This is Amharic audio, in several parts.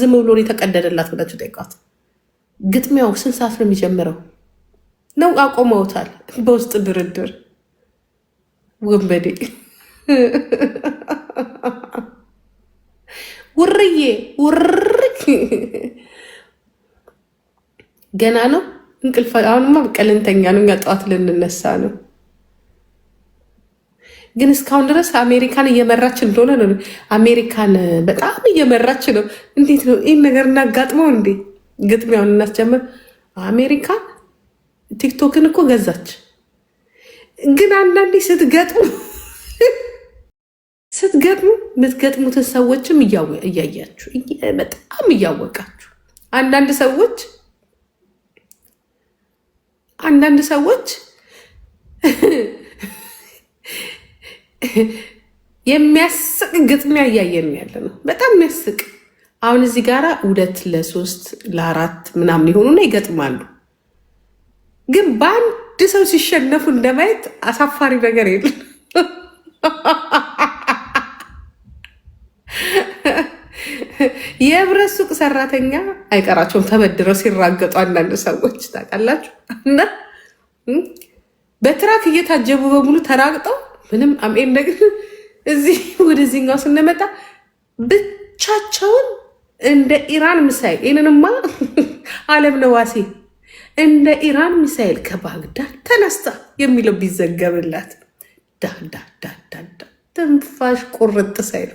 ዝም ብሎ የተቀደደላት ብላችሁ ጠይቋት። ግጥሚያው ስንት ሰዓት ነው የሚጀምረው? ነው አቆመውታል። በውስጥ ድርድር ወንበዴ ውርዬ ውር ገና ነው እንቅልፍ። አሁንማ በቃ ነው፣ እኛ ጠዋት ልንነሳ ነው። ግን እስካሁን ድረስ አሜሪካን እየመራች እንደሆነ ነው። አሜሪካን በጣም እየመራች ነው። እንዴት ነው ይህን ነገር እናጋጥመው? እንዴ ግጥሚያውን እናስጀምር። አሜሪካን ቲክቶክን እኮ ገዛች። ግን አንዳንዴ ስትገጥሙ ስትገጥሙ የምትገጥሙትን ሰዎችም እያያችሁ በጣም እያወቃችሁ አንዳንድ ሰዎች አንዳንድ ሰዎች የሚያስቅ ግጥሚያ እያየን ያለ ነው። በጣም የሚያስቅ አሁን እዚህ ጋራ ሁለት ለሶስት ለአራት ምናምን የሆኑና ይገጥማሉ። ግን በአንድ ሰው ሲሸነፉ እንደማየት አሳፋሪ ነገር የለም። የህብረት ሱቅ ሰራተኛ አይቀራቸውም ተበድረው ሲራገጡ አንዳንድ ሰዎች ታውቃላችሁ። እና በትራክ እየታጀቡ በሙሉ ተራግጠው ምንም አሜን ነገር እዚህ ወደዚህኛው ስንመጣ ብቻቸውን እንደ ኢራን ሚሳይል ይህንንማ አለም ነዋሴ እንደ ኢራን ሚሳይል ከባግዳድ ተነስታ የሚለው ቢዘገብላት ዳዳዳዳዳ ትንፋሽ ቁርጥ ሳይል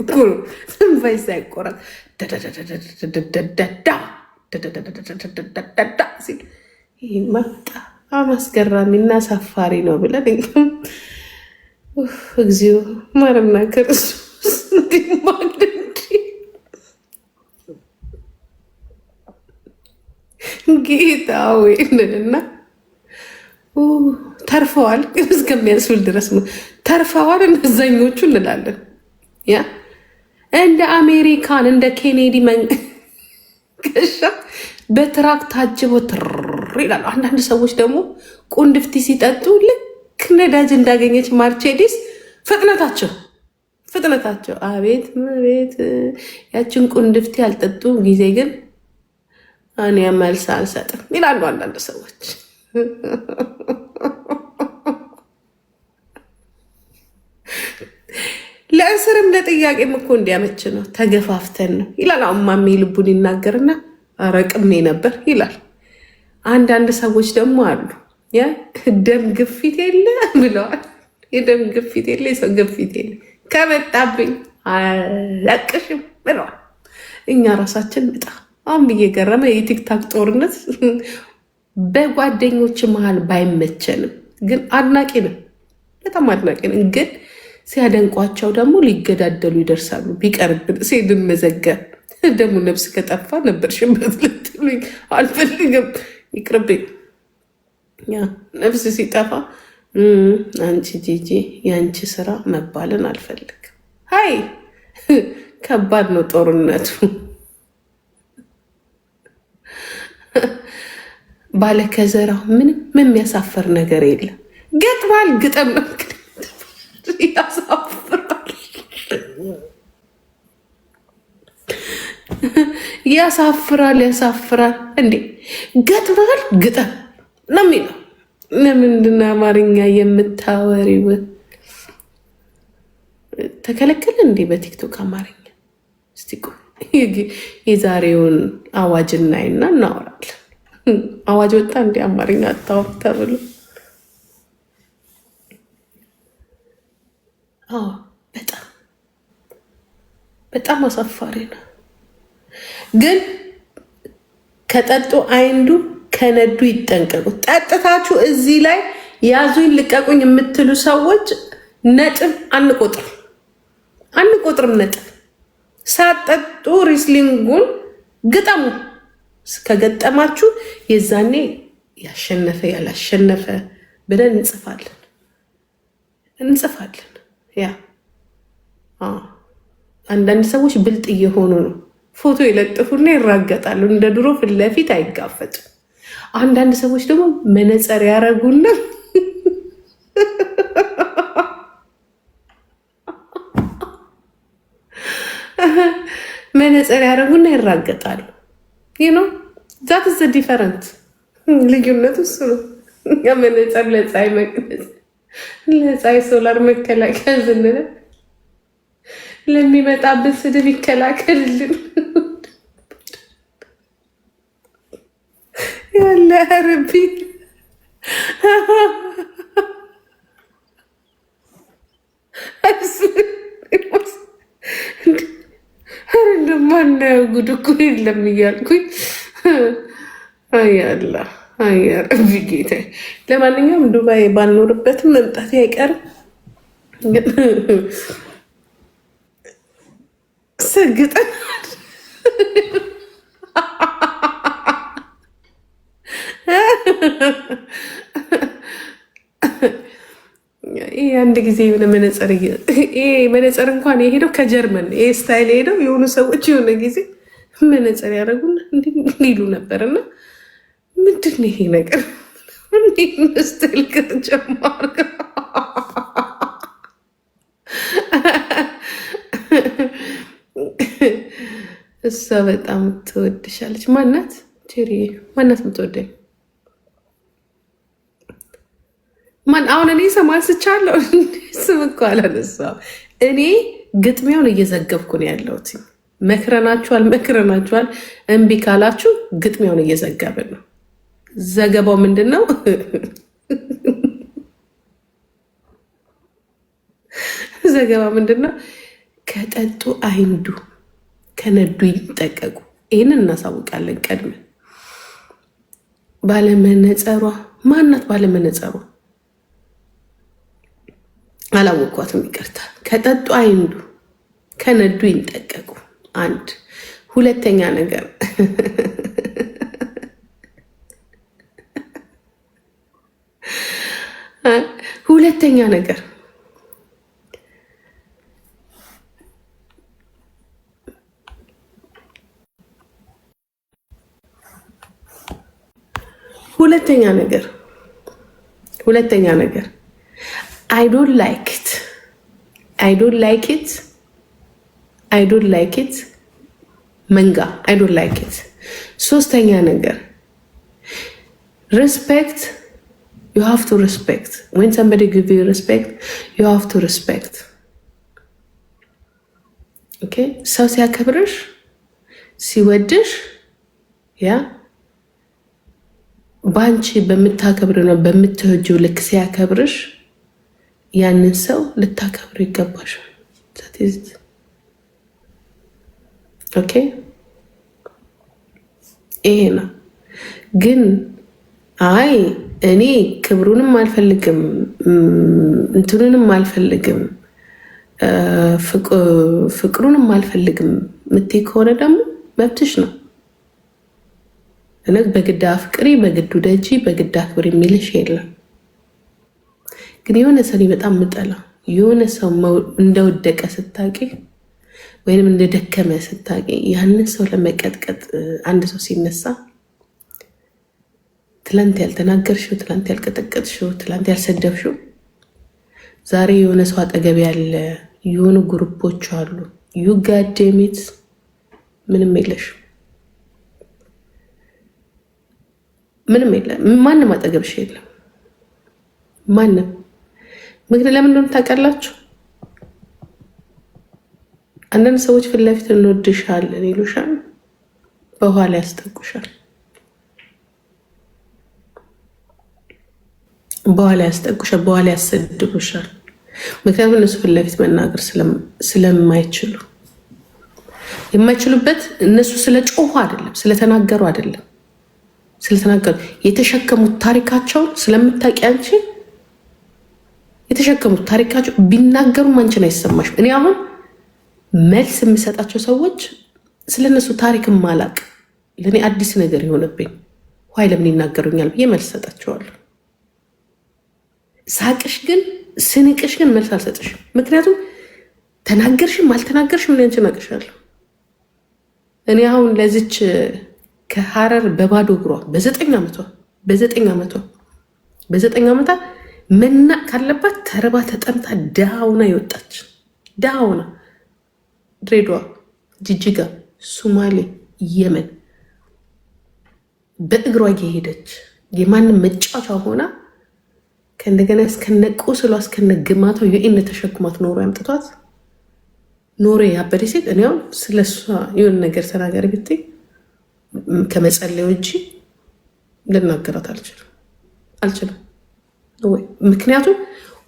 ትንፋሽ ሳይቆረጥ ዳዳዳዳዳዳዳዳዳዳዳ ሲል ይህ መጣ አማስገራሚና አሳፋሪ ነው ብለን እግዚኦ ማረም ነገር ጌታ ወይንና ተርፈዋል እስከሚያስብል ድረስ ተርፈዋል። እነዛኞቹ እንላለን ያ እንደ አሜሪካን እንደ ኬኔዲ መንገሻ በትራክ ታጅቦ ትር ይላሉ። አንዳንድ ሰዎች ደግሞ ቁንድፍቲ ሲጠጡ ልክ ነዳጅ እንዳገኘች ማርቼዲስ ፍጥነታቸው ፍጥነታቸው አቤት ቤት ያችን ቁንድፍት ያልጠጡ ጊዜ ግን እኔ መልስ አልሰጥም ይላሉ አንዳንድ ሰዎች። ለእስርም ለጥያቄም እኮ እንዲያመች ነው፣ ተገፋፍተን ነው ይላል። አሁን ማሜ ልቡን ይናገርና ረቅሜ ነበር ይላል። አንዳንድ ሰዎች ደግሞ አሉ የደም ግፊት የለ ብለዋል። የደም ግፊት የለ የሰው ግፊት የለ ከመጣብኝ አለቅሽም ብለዋል። እኛ ራሳችን እጣ አሁን ብዬ ገረመ የቲክታክ ጦርነት በጓደኞች መሀል ባይመቸንም ግን አድናቂ ነው፣ በጣም አድናቂ ነው። ግን ሲያደንቋቸው ደግሞ ሊገዳደሉ ይደርሳሉ። ቢቀርብን ሲድመዘገብ ደግሞ ነብስ ከጠፋ ነበርሽበት ልትሉኝ አልፈልግም፣ ይቅርብኝ። ነፍስ ሲጠፋ አንቺ ጂጂ የአንቺ ስራ መባልን አልፈልግም። ሀይ ከባድ ነው ጦርነቱ። ባለከዘራው ምንም የሚያሳፍር ነገር የለም። ገጥማል ግጥም ያሳፍራል፣ ያሳፍራል፣ ያሳፍራል እንዴ ገጥማል ግጠም ነው የሚለው። ለምንድን አማርኛ የምታወሪው? ተከለከለ እንዴ በቲክቶክ አማርኛ? እስቲ የዛሬውን አዋጅ እናይና እናወራለን። አዋጅ ወጣ እንዲ አማርኛ አታወር ተብሎ በጣም በጣም አሳፋሪ ነው። ግን ከጠጡ አይንዱ ከነዱ ይጠንቀቁ። ጠጥታችሁ እዚህ ላይ ያዙኝ ልቀቁኝ የምትሉ ሰዎች ነጥብ አንቆጥር አንቆጥርም ነጥብ። ሳጠጡ ሪስሊንጉን ግጠሙ። ከገጠማችሁ የዛኔ ያሸነፈ ያላሸነፈ ብለን እንጽፋለን እንጽፋለን። ያ አንዳንድ ሰዎች ብልጥ እየሆኑ ነው። ፎቶ ይለጥፉና ይራገጣሉ። እንደ ድሮ ፊት ለፊት አይጋፈጡም። አንዳንድ ሰዎች ደግሞ መነፀር ያደረጉልን መነፀር ያደረጉና ይራገጣሉ። ይህ ነው ዛት ዘ ዲፈረንት ልዩነት እሱ ነው። መነፀር ለፀሐይ መቅነጽ ለፀሐይ ሶላር መከላከያ ዝንለ ለሚመጣብን ስድብ ይከላከልልን። ያለ ረቢ ኧረ እንደማናየው ጉድ እኮ የለም እያልኩኝ አያላ አያ ረቢ ጌታ። ለማንኛውም ዱባይ ባልኖርበትም መምጣት አይቀርም። ሰግጠናል ይሄ አንድ ጊዜ የሆነ መነፀር ይሄ መነፀር እንኳን የሄደው ከጀርመን ይሄ ስታይል የሄደው የሆኑ ሰዎች የሆነ ጊዜ መነፀር ያደረጉና ሊሉ ነበር እና ምንድን ይሄ ነገር ስታይል ከጀማር እሷ በጣም ትወድሻለች። ማናት ሪ ማናት የምትወደኝ ማን አሁን እኔ ሰማን ስቻለሁ ስም እኮ አላነሳ። እኔ ግጥሚያውን እየዘገብኩ ነው ያለሁት። መክረናችኋል መክረናችኋል፣ እምቢ ካላችሁ ግጥሚያውን እየዘገብን ነው። ዘገባው ምንድን ነው? ዘገባ ምንድን ነው? ከጠጡ አይንዱ፣ ከነዱ ይጠቀቁ። ይህንን እናሳውቃለን ቀድመን። ባለመነጸሯ ማናት? ባለመነጸሯ አላወቅኳትም። ይቅርታ። ከጠጡ አይንዱ ከነዱ ይንጠቀቁ። አንድ ሁለተኛ ነገር ሁለተኛ ነገር ሁለተኛ ነገር ሁለተኛ ነገር አይ ዶንት ላይክ ኢት አይ ዶንት ላይክ ኢት አይ ዶንት ላይክ ኢት መንጋ አይ ዶንት ላይክ ኢት። ሶስተኛ ነገር ሪስፔክት ዩ ሃቭ ቱ ሪስፔክት ዌን ሰምበዲ ጊቭ ዩ ሪስፔክት ዩ ሃቭ ቱ ሪስፔክት። ኦኬ ሰው ሲያከብርሽ ሲወድሽ ያ በአንቺ በምታከብር ነው በምትወጂው ልክ ሲያከብርሽ ያንን ሰው ልታከብሩ ይገባሻል። ኦኬ ይሄ ነው ግን አይ እኔ ክብሩንም አልፈልግም እንትኑንም አልፈልግም ፍቅሩንም አልፈልግም ምትይ ከሆነ ደግሞ መብትሽ ነው። በግድ አፍቅሪ፣ በግድ ውደጂ፣ በግድ አክብር የሚልሽ የለም። ግን የሆነ ሰው እኔ በጣም ምጠላ የሆነ ሰው እንደወደቀ ስታቂ ወይንም እንደደከመ ስታቂ ያንን ሰው ለመቀጥቀጥ አንድ ሰው ሲነሳ ትላንት ያልተናገርሽው፣ ትላንት ያልቀጠቀጥሽው፣ ትላንት ያልሰደብሽው ዛሬ የሆነ ሰው አጠገብ ያለ የሆኑ ግሩፖች አሉ። ዩ ጋዴሚት ምንም የለሽ፣ ምንም የለ፣ ማንም አጠገብሽ የለም ማንም ምክንያት ለምን እንደሆነ ታውቃላችሁ? አንዳንድ ሰዎች ፊት ለፊት እንወድሻለን ይሉሻል፣ በኋላ ያስጠቁሻል። በኋላ ያስጠቁሻል፣ በኋላ ያሰድቡሻል። ምክንያቱም እነሱ ፊት ለፊት መናገር ስለማይችሉ የማይችሉበት እነሱ ስለ ጮሁ አይደለም፣ ስለተናገሩ አይደለም፣ ስለተናገሩ የተሸከሙት ታሪካቸውን ስለምታውቂ አንቺ የተሸከሙት ታሪካቸው ቢናገሩም አንቺን አይሰማሽም። እኔ አሁን መልስ የምሰጣቸው ሰዎች ስለነሱ ታሪክም ማላቅ ለእኔ አዲስ ነገር የሆነብኝ ዋይ ለምን ይናገሩኛል ብዬ መልስ ሰጣቸዋለሁ። ሳቅሽ ግን ስንቅሽ ግን መልስ አልሰጥሽም። ምክንያቱም ተናገርሽም አልተናገርሽም ሊንች ናቅሻለሁ። እኔ አሁን ለዚች ከሀረር በባዶ እግሯ በዘጠኝ ዓመቷ በዘጠኝ ዓመቷ በዘጠኝ ዓመታት መናቅ ካለባት ተርባ ተጠምታ ዳውና የወጣች ዳውና ድሬዳዋ፣ ጅጅጋ፣ ሱማሌ፣ የመን በእግሯ እየሄደች የማንም መጫወቻ ሆና ከእንደገና እስከነ ቁስሏ እስከነ ግማቷ የኢነ ተሸክሟት ኖሮ ያምጥቷት ኖሮ ያበደ ሴት ስለ ስለሷ የሆነ ነገር ተናገር ብትይ ከመጸለዩ ውጪ ልናገራት አልችልም አልችልም። ምክንያቱም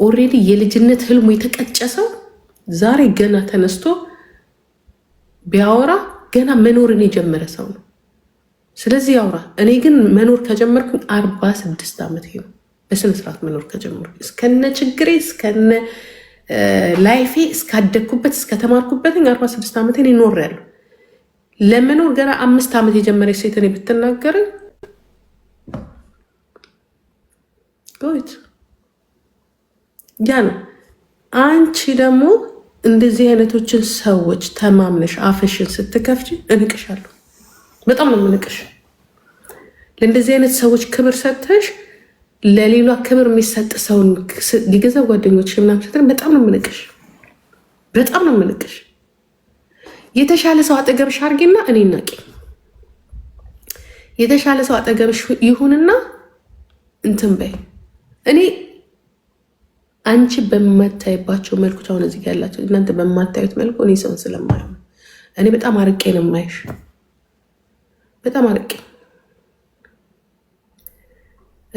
ኦልሬዲ የልጅነት ህልሙ የተቀጨ ሰው ዛሬ ገና ተነስቶ ቢያወራ ገና መኖርን የጀመረ ሰው ነው። ስለዚህ ያውራ። እኔ ግን መኖር ከጀመርኩኝ አርባ ስድስት ዓመት ነው። በስነስርዓት መኖር ከጀመርኩ እስከነ ችግሬ እስከነ ላይፌ እስካደግኩበት እስከተማርኩበት አርባ ስድስት ዓመት ይኖር ያለው ለመኖር ገና አምስት ዓመት የጀመረች ሴት እኔ ጉድ ያ ነው። አንቺ ደግሞ እንደዚህ አይነቶችን ሰዎች ተማምነሽ አፍሽን ስትከፍች እንቅሻለሁ። በጣም ነው የምንቅሽ። ለእንደዚህ አይነት ሰዎች ክብር ሰጥተሽ ለሌሏ ክብር የሚሰጥ ሰውን ሊገዛ ጓደኞች ምናምን ስትል በጣም ነው የምንቅሽ። በጣም ነው የምንቅሽ። የተሻለ ሰው አጠገብሽ አድርጌና እኔ ናቂ የተሻለ ሰው አጠገብሽ ይሁንና እንትን በይ እኔ አንቺ በማታይባቸው መልኩ አሁን እዚህ ጋ ያላቸው እናንተ በማታዩት መልኩ እኔ ሰውን ስለማየው እኔ በጣም አርቄ ነው የማይሽ፣ በጣም አርቄ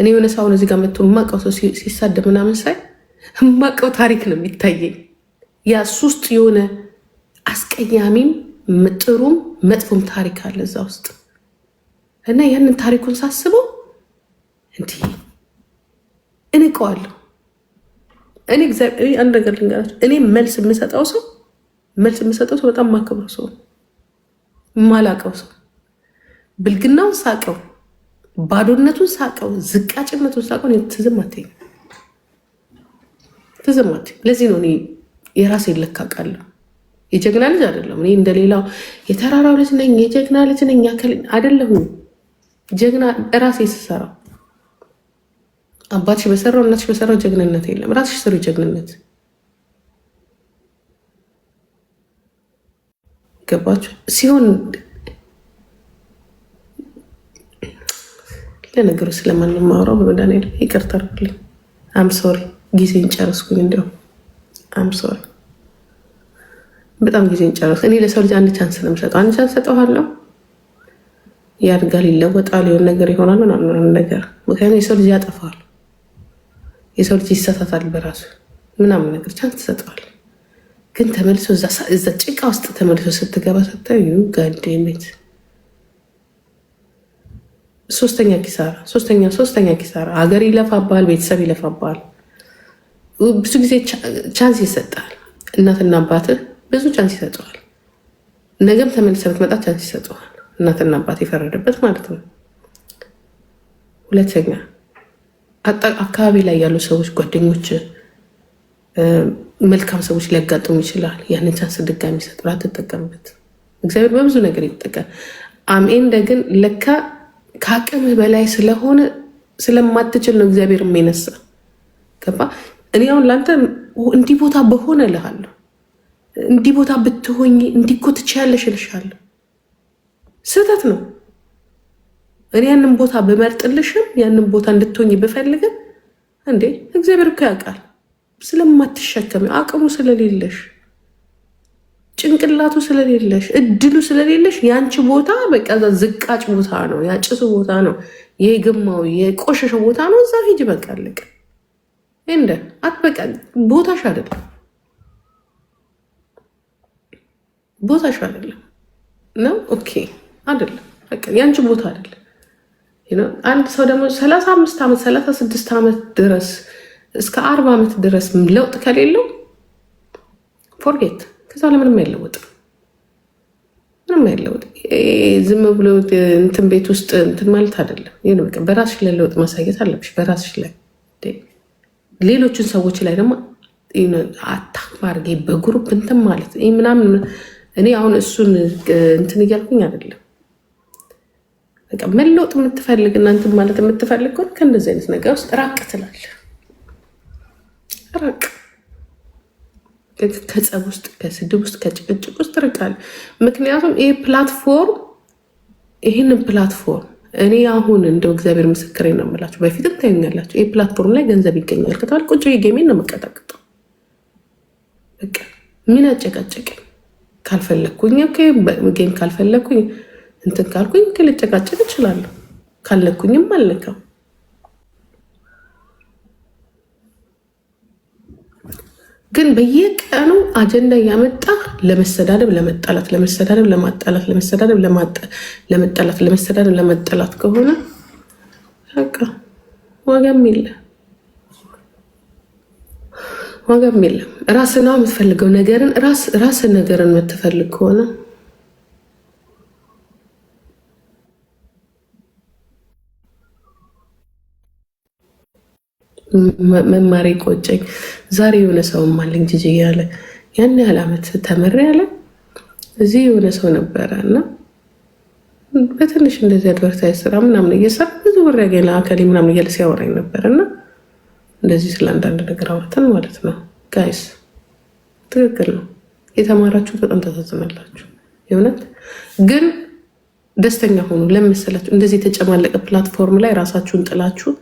እኔ የሆነ ሰውን እዚህ ጋር መጥቶ የማውቀው ሰው ሲሳደብ ምናምን ሳይ የማውቀው ታሪክ ነው የሚታየኝ። ያ እሱ ውስጥ የሆነ አስቀያሚም ጥሩም መጥፎም ታሪክ አለ እዛ ውስጥ እና ያንን ታሪኩን ሳስበው እንዲህ እኔ እንቀዋለሁ። እኔ አንድ ነገር ልንገራችሁ፣ እኔ መልስ የምሰጠው ሰው መልስ የምሰጠው ሰው በጣም ማከብረው ሰው ማላቀው ሰው ብልግናውን ሳቀው፣ ባዶነቱን ሳቀው፣ ዝቃጭነቱን ሳቀው ትዝም አትይም፣ ትዝም አትይም። ለዚህ ነው እኔ የራሴ ይለካቃለሁ። የጀግና ልጅ አይደለም። እኔ እንደሌላው የተራራው ልጅ ነኝ፣ የጀግና ልጅ ነኝ ያከል አይደለሁም። ጀግና ራሴ ስሰራው አባትሽ በሰራው እናትሽ በሰራው ጀግንነት የለም። ራስሽ ስሪ ጀግንነት። ገባችሁ? ሲሆን ለነገሩ ስለማንም ማውራው በመድኃኒዓለም ይቅርታ አድርጉልኝ። አም ሶሪ ጊዜን ጨረስኩኝ። እንዲያውም አም ሶሪ በጣም ጊዜን ጨረስኩ። እኔ ለሰው ልጅ አንድ ቻንስ ነው የምሰጠው። አንድ ቻንስ ሰጠኋለሁ ያድጋል፣ ይለወጣል፣ የሆነ ነገር ይሆናል ምናምን ነገር ምክንያቱም የሰው ልጅ ያጠፋል። የሰው ልጅ ይሳሳታል በራሱ ምናምን ነገር ቻንስ ትሰጠዋል። ግን ተመልሶ እዛ ጭቃ ውስጥ ተመልሶ ስትገባ ስታዩ ጋዴሜት ሶስተኛ ኪሳራ ሶስተኛ ሶስተኛ ኪሳራ ሀገር ይለፋባል፣ ቤተሰብ ይለፋባል። ብዙ ጊዜ ቻንስ ይሰጣል። እናትና አባትህ ብዙ ቻንስ ይሰጠዋል። ነገም ተመልሰ ብትመጣ ቻንስ ይሰጠዋል። እናትና አባት የፈረደበት ማለት ነው። ሁለተኛ አካባቢ ላይ ያሉ ሰዎች፣ ጓደኞች፣ መልካም ሰዎች ሊያጋጥሙ ይችላል። ያንን ቻንስ ድጋሚ ሰጥራ ትጠቀምበት። እግዚአብሔር በብዙ ነገር ይጠቀም። አምኤንደ ግን ለካ ከአቅምህ በላይ ስለሆነ ስለማትችል ነው እግዚአብሔር የሚነሳ ገባ። እኔ አሁን ለአንተ እንዲህ ቦታ በሆነ እልሃለሁ፣ እንዲህ ቦታ ብትሆኝ እንዲህ እኮ ትችያለሽ እልሻለሁ። ስህተት ነው። እኔ ያንን ቦታ ብመርጥልሽም ያንን ቦታ እንድትሆኝ ብፈልግም እንዴ እግዚአብሔር እኮ ያውቃል። ስለማትሸከም አቅሙ ስለሌለሽ ጭንቅላቱ ስለሌለሽ እድሉ ስለሌለሽ ያንቺ ቦታ በቃ እዛ ዝቃጭ ቦታ ነው፣ ያጭሱ ቦታ ነው፣ የግማው የቆሸሸ ቦታ ነው። እዛ ሂጅ በቃ አለቀ። እንደ አትበቃ ቦታሽ አይደለም ቦታሽ አይደለም ነው። ኦኬ አይደለም፣ በቃ ያንቺ ቦታ አይደለም። አንድ ሰው ደግሞ ሰላሳ አምስት ዓመት ሰላሳ ስድስት ዓመት ድረስ እስከ አርባ ዓመት ድረስ ለውጥ ከሌለው ፎርጌት ከዛ ለምንም አይለወጥም። ምንም አይለወጥም። ዝም ብሎ እንትን ቤት ውስጥ እንትን ማለት አይደለም። ይህን በቃ በራስሽ ላይ ለውጥ ማሳየት አለብሽ። በራስሽ ላይ ሌሎችን ሰዎች ላይ ደግሞ አታክ ማድረግ በግሩፕ እንትን ማለት ይህ ምናምን እኔ አሁን እሱን እንትን እያልኩኝ አይደለም በቃ መለወጥ የምትፈልግ እናንተ ማለት የምትፈልግ ከሆነ ከእንደዚህ አይነት ነገር ውስጥ ራቅ ትላለ። ራቅ ከጸብ ውስጥ፣ ከስድብ ውስጥ፣ ከጭቅጭቅ ውስጥ ርቃል። ምክንያቱም ይህ ፕላትፎርም ይህንን ፕላትፎርም እኔ አሁን እንደው እግዚአብሔር ምስክር ነው የምላቸው፣ በፊትም ታዩኛላቸው። ይህ ፕላትፎርም ላይ ገንዘብ ይገኛል ከተባለ ቁጭ ጌሜን ነው መቀጠቅጠው። በቃ ምን አጨቃጨቀኝ? ካልፈለግኩኝ ጌም ካልፈለግኩኝ እንትን ካልኩኝ ልጨቃጨቅ እችላለሁ። ካለኩኝም አልልከው። ግን በየቀኑ አጀንዳ እያመጣ ለመሰዳደብ፣ ለመጣላት፣ ለመሰዳደብ፣ ለማጣላት፣ ለመሰዳደብ፣ ለመጣላት፣ ለመሰዳደብ፣ ለመጣላት ከሆነ በቃ ዋጋም የለም ዋጋም የለም። ራስና የምትፈልገው ነገርን ራስ ራስ ነገርን የምትፈልግ ከሆነ መማሪ ቆጨኝ። ዛሬ የሆነ ሰውም ማለኝ ጅጅ ያለ ያን ያህል አመት ተምሬ ያለ እዚህ የሆነ ሰው ነበረ እና በትንሽ እንደዚህ አድቨርታይዝ ስራ ምናምን እየሰራ ብዙ ብር ያገኝ አካል ምናምን እያለ ሲያወራኝ ነበር እና እንደዚህ ስለ አንዳንድ ነገር አውርተን ማለት ነው። ጋይስ ትክክል ነው። የተማራችሁ በጣም ተሳዝናላችሁ። የእውነት ግን ደስተኛ ሆኑ። ለምን መሰላችሁ እንደዚህ የተጨማለቀ ፕላትፎርም ላይ ራሳችሁን ጥላችሁ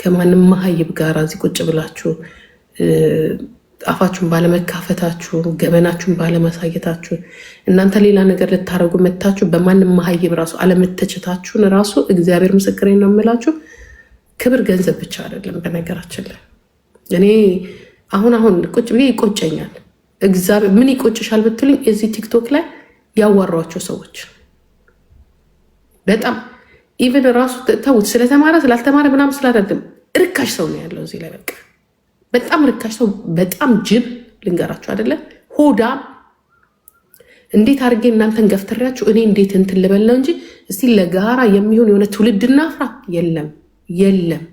ከማንም መሀይብ ጋር እዚህ ቁጭ ብላችሁ ጣፋችሁን ባለመካፈታችሁ ገበናችሁን ባለማሳየታችሁ እናንተ ሌላ ነገር ልታደረጉ መታችሁ በማንም መሀይብ ራሱ አለመተቸታችሁን ራሱ እግዚአብሔር ምስክሬ ነው የምላችሁ። ክብር ገንዘብ ብቻ አይደለም። በነገራችን ላይ እኔ አሁን አሁን ቁጭ ብዬ ይቆጨኛል። እግዚአብሔር ምን ይቆጭሻል ብትሉኝ እዚህ ቲክቶክ ላይ ያዋሯቸው ሰዎች በጣም ኢቨን ራሱ ተውት፣ ስለተማረ ስላልተማረ ምናምን ስላደርግም ርካሽ ሰው ነው ያለው እዚህ ላይ በቃ በጣም ርካሽ ሰው፣ በጣም ጅብ ልንገራችሁ አይደለ ሆዳ እንዴት አድርጌ እናንተን ገፍትሬያችሁ እኔ እንዴት እንትን ልበል ነው እንጂ እስቲ ለጋራ የሚሆን የሆነ ትውልድ እናፍራ። የለም የለም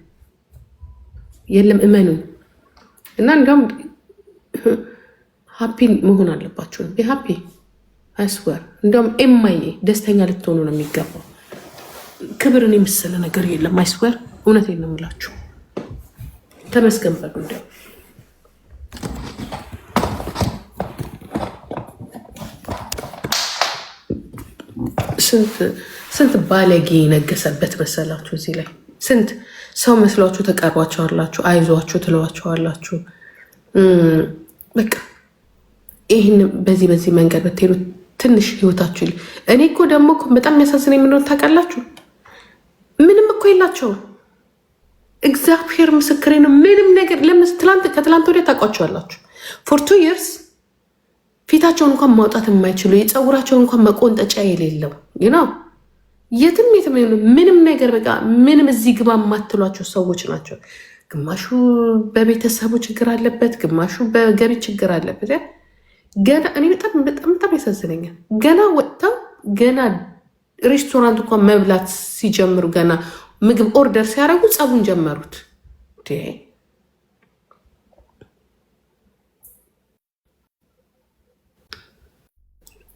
የለም፣ እመኑ እና እንዲያውም ሀፒ መሆን አለባችሁ። ሀፒ አስወር እንዲያውም ኤማዬ ደስተኛ ልትሆኑ ነው የሚገባው። ክብርን የመሰለ ነገር የለም። አይስበር እውነት ነው የምላችሁ። ተመስገን በሉ ስንት ባለጌ ነገሰበት መሰላችሁ። እዚህ ላይ ስንት ሰው መስሏችሁ አላችሁ፣ አይዟችሁ ትለዋቸዋላችሁ። በቃ ይህን በዚህ በዚህ መንገድ ብትሄዱ ትንሽ ህይወታችሁ። እኔ እኮ ደግሞ በጣም የሚያሳዝን የምንሆን ታውቃላችሁ ምንም እኮ የላቸውም። እግዚአብሔር ምስክሬ ነው። ምንም ነገር ከትላንት ወዲያ ታውቋቸዋላችሁ። ፎር ቱ ይርስ ፊታቸውን እንኳን ማውጣት የማይችሉ የፀጉራቸውን እንኳን መቆንጠጫ የሌለው ነው። የትም የትም ምንም ነገር በቃ ምንም እዚህ ግባ የማትሏቸው ሰዎች ናቸው። ግማሹ በቤተሰቡ ችግር አለበት፣ ግማሹ በገቢ ችግር አለበት። ገና እኔ በጣም በጣም በጣም ያሳዝነኛል። ገና ወጥተው ገና ሬስቶራንት እንኳን መብላት ሲጀምሩ ገና ምግብ ኦርደር ሲያደርጉ ጸቡን ጀመሩት።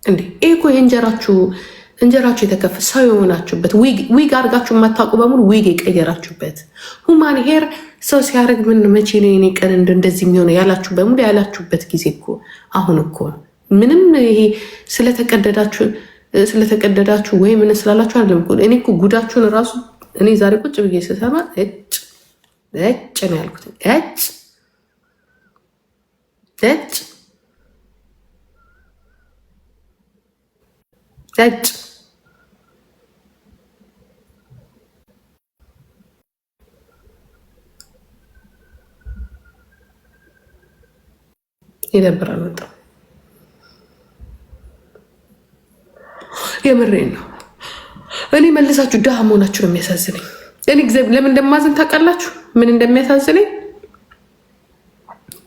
እንዴ ይሄ እኮ የእንጀራችሁ እንጀራችሁ የተከፈ ሰው የሆናችሁበት ዊግ አድርጋችሁ የማታውቁ በሙሉ ዊግ የቀየራችሁበት ሁማን ሄር ሰው ሲያደርግ ምን መቼ ነው የኔ ቀን እንደዚህ የሚሆነው ያላችሁ በሙሉ ያላችሁበት ጊዜ እኮ አሁን እኮ ምንም ይሄ ስለተቀደዳችሁ ስለተቀደዳችሁ ወይ ምን ስላላችሁ አለም እኔ እኮ ጉዳችሁን ራሱ እኔ ዛሬ ቁጭ ብዬ ስሰማ እጭ እጭ ነው ያልኩት። እጭ እጭ እጭ ይደብራል በጣም። የምሬን ነው። እኔ መልሳችሁ ድሃ መሆናችሁ ነው የሚያሳዝነኝ። እኔ እግዚአብሔር ለምን እንደማዝን ታውቃላችሁ? ምን እንደሚያሳዝነኝ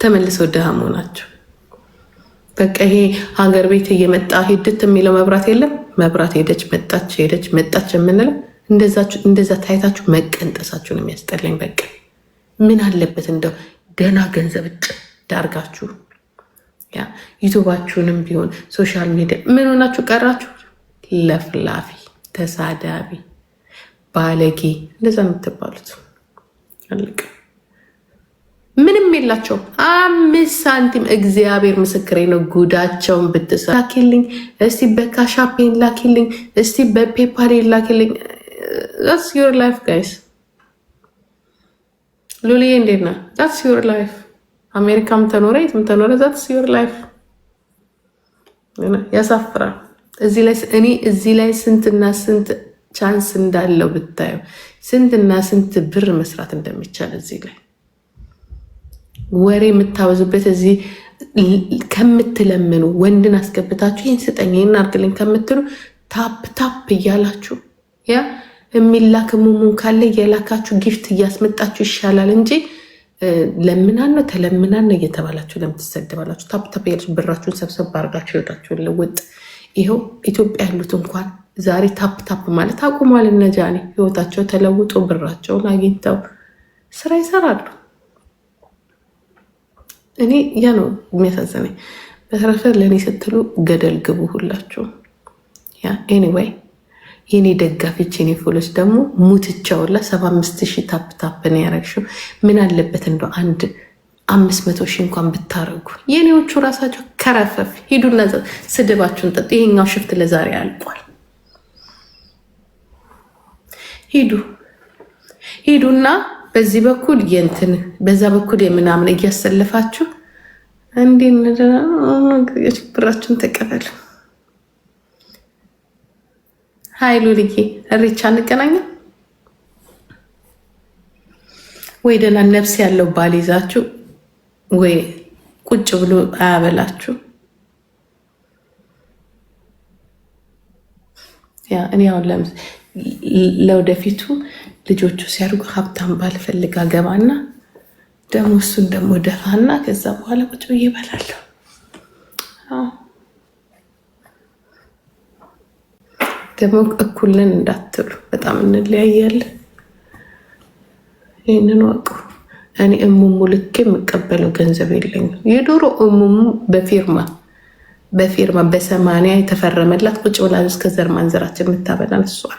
ተመልሰው ድሃ መሆናችሁ። በቃ ይሄ ሀገር ቤት እየመጣ ሂድት የሚለው መብራት የለም መብራት ሄደች መጣች፣ ሄደች መጣች የምንለው እንደዛ ታይታችሁ መቀንጠሳችሁ ነው የሚያስጠላኝ። በቃ ምን አለበት እንደው ደህና ገንዘብ እጭ ዳርጋችሁ ዩቱባችሁንም ቢሆን ሶሻል ሚዲያ ምን ሆናችሁ ቀራችሁ? ለፍላፊ፣ ተሳዳቢ፣ ባለጌ እንደዛ ነው የምትባሉት። አለቀ። ምንም የላቸው አምስት ሳንቲም እግዚአብሔር ምስክሬ ነው። ጉዳቸውን ብትሰ ላኪልኝ እስቲ በካሻፔን ላኪልኝ እስቲ በፔፓሬ ላኪልኝ። ዛትስ ዩር ላይፍ ጋይስ። ሉልዬ እንዴት ነህ? ዛትስ ዮር ላይፍ። አሜሪካም ተኖረ የትም ተኖረ ዛትስ ዩር ላይፍ። ያሳፍራል። እኔ እዚህ ላይ ስንትና ስንት ቻንስ እንዳለው ብታየው፣ ስንትና ስንት ብር መስራት እንደሚቻል እዚህ ላይ ወሬ የምታወዝበት እዚህ ከምትለምኑ ወንድን አስገብታችሁ ይህን ስጠኝ ይህን አርግልኝ ከምትሉ ታፕ ታፕ እያላችሁ ያ የሚላክ ሙሙን ካለ እየላካችሁ ጊፍት እያስመጣችሁ ይሻላል እንጂ ለምናን ነው ተለምናን ነው እየተባላችሁ ለምትሰደባላችሁ ታፕ ታፕ እያላችሁ ብራችሁን ሰብሰብ አድርጋችሁ ህይወታችሁን ለውጥ ይኸው ኢትዮጵያ ያሉት እንኳን ዛሬ ታፕ ታፕ ማለት አቁሟል። እነ ጃኒ ህይወታቸው ተለውጦ ብራቸውን አግኝተው ስራ ይሰራሉ። እኔ ያ ነው የሚያሳዝነኝ። በተረፈ ለእኔ ስትሉ ገደል ግቡ ሁላችሁ። ኤኒዌይ የኔ ደጋፊች የኔ ፎሎች ደግሞ ሙትቻውላ ሰባ አምስት ሺህ ታፕ ታፕ ነው ያረግሽው። ምን አለበት እንደ አንድ አምስት መቶ ሺህ እንኳን ብታረጉ የኔዎቹ ራሳቸው ከረፈፍ ሂዱና ስድባችሁን ጠጡ። ይሄኛው ሽፍት ለዛሬ አልቋል። ሂዱ ሂዱና በዚህ በኩል የእንትን በዛ በኩል የምናምን እያሰለፋችሁ እንዴ ብራችሁን ተቀበሉ። ሀይሉ ልጌ እሬቻ እንገናኛል ወይ ደህና ነፍስ ያለው ባል ይዛችሁ ወይ ቁጭ ብሎ አያበላችሁ። እኔ አሁን ለወደፊቱ ልጆቹ ሲያድጉ ሀብታም ባልፈልግ አገባና ደግሞ እሱን ደግሞ ደፋና ከዛ በኋላ ቁጭ ብዬ እበላለሁ። ደግሞ እኩልን እንዳትሉ በጣም እንለያያለን። ይህንን ወቁ። እኔ እሙሙ ልክ የምቀበለው ገንዘብ የለኝም። የዶሮ እሙሙ በፊርማ በፊርማ በሰማንያ የተፈረመላት ቁጭ ብላ እስከ ዘር ማንዘራችን የምታበላን እሷ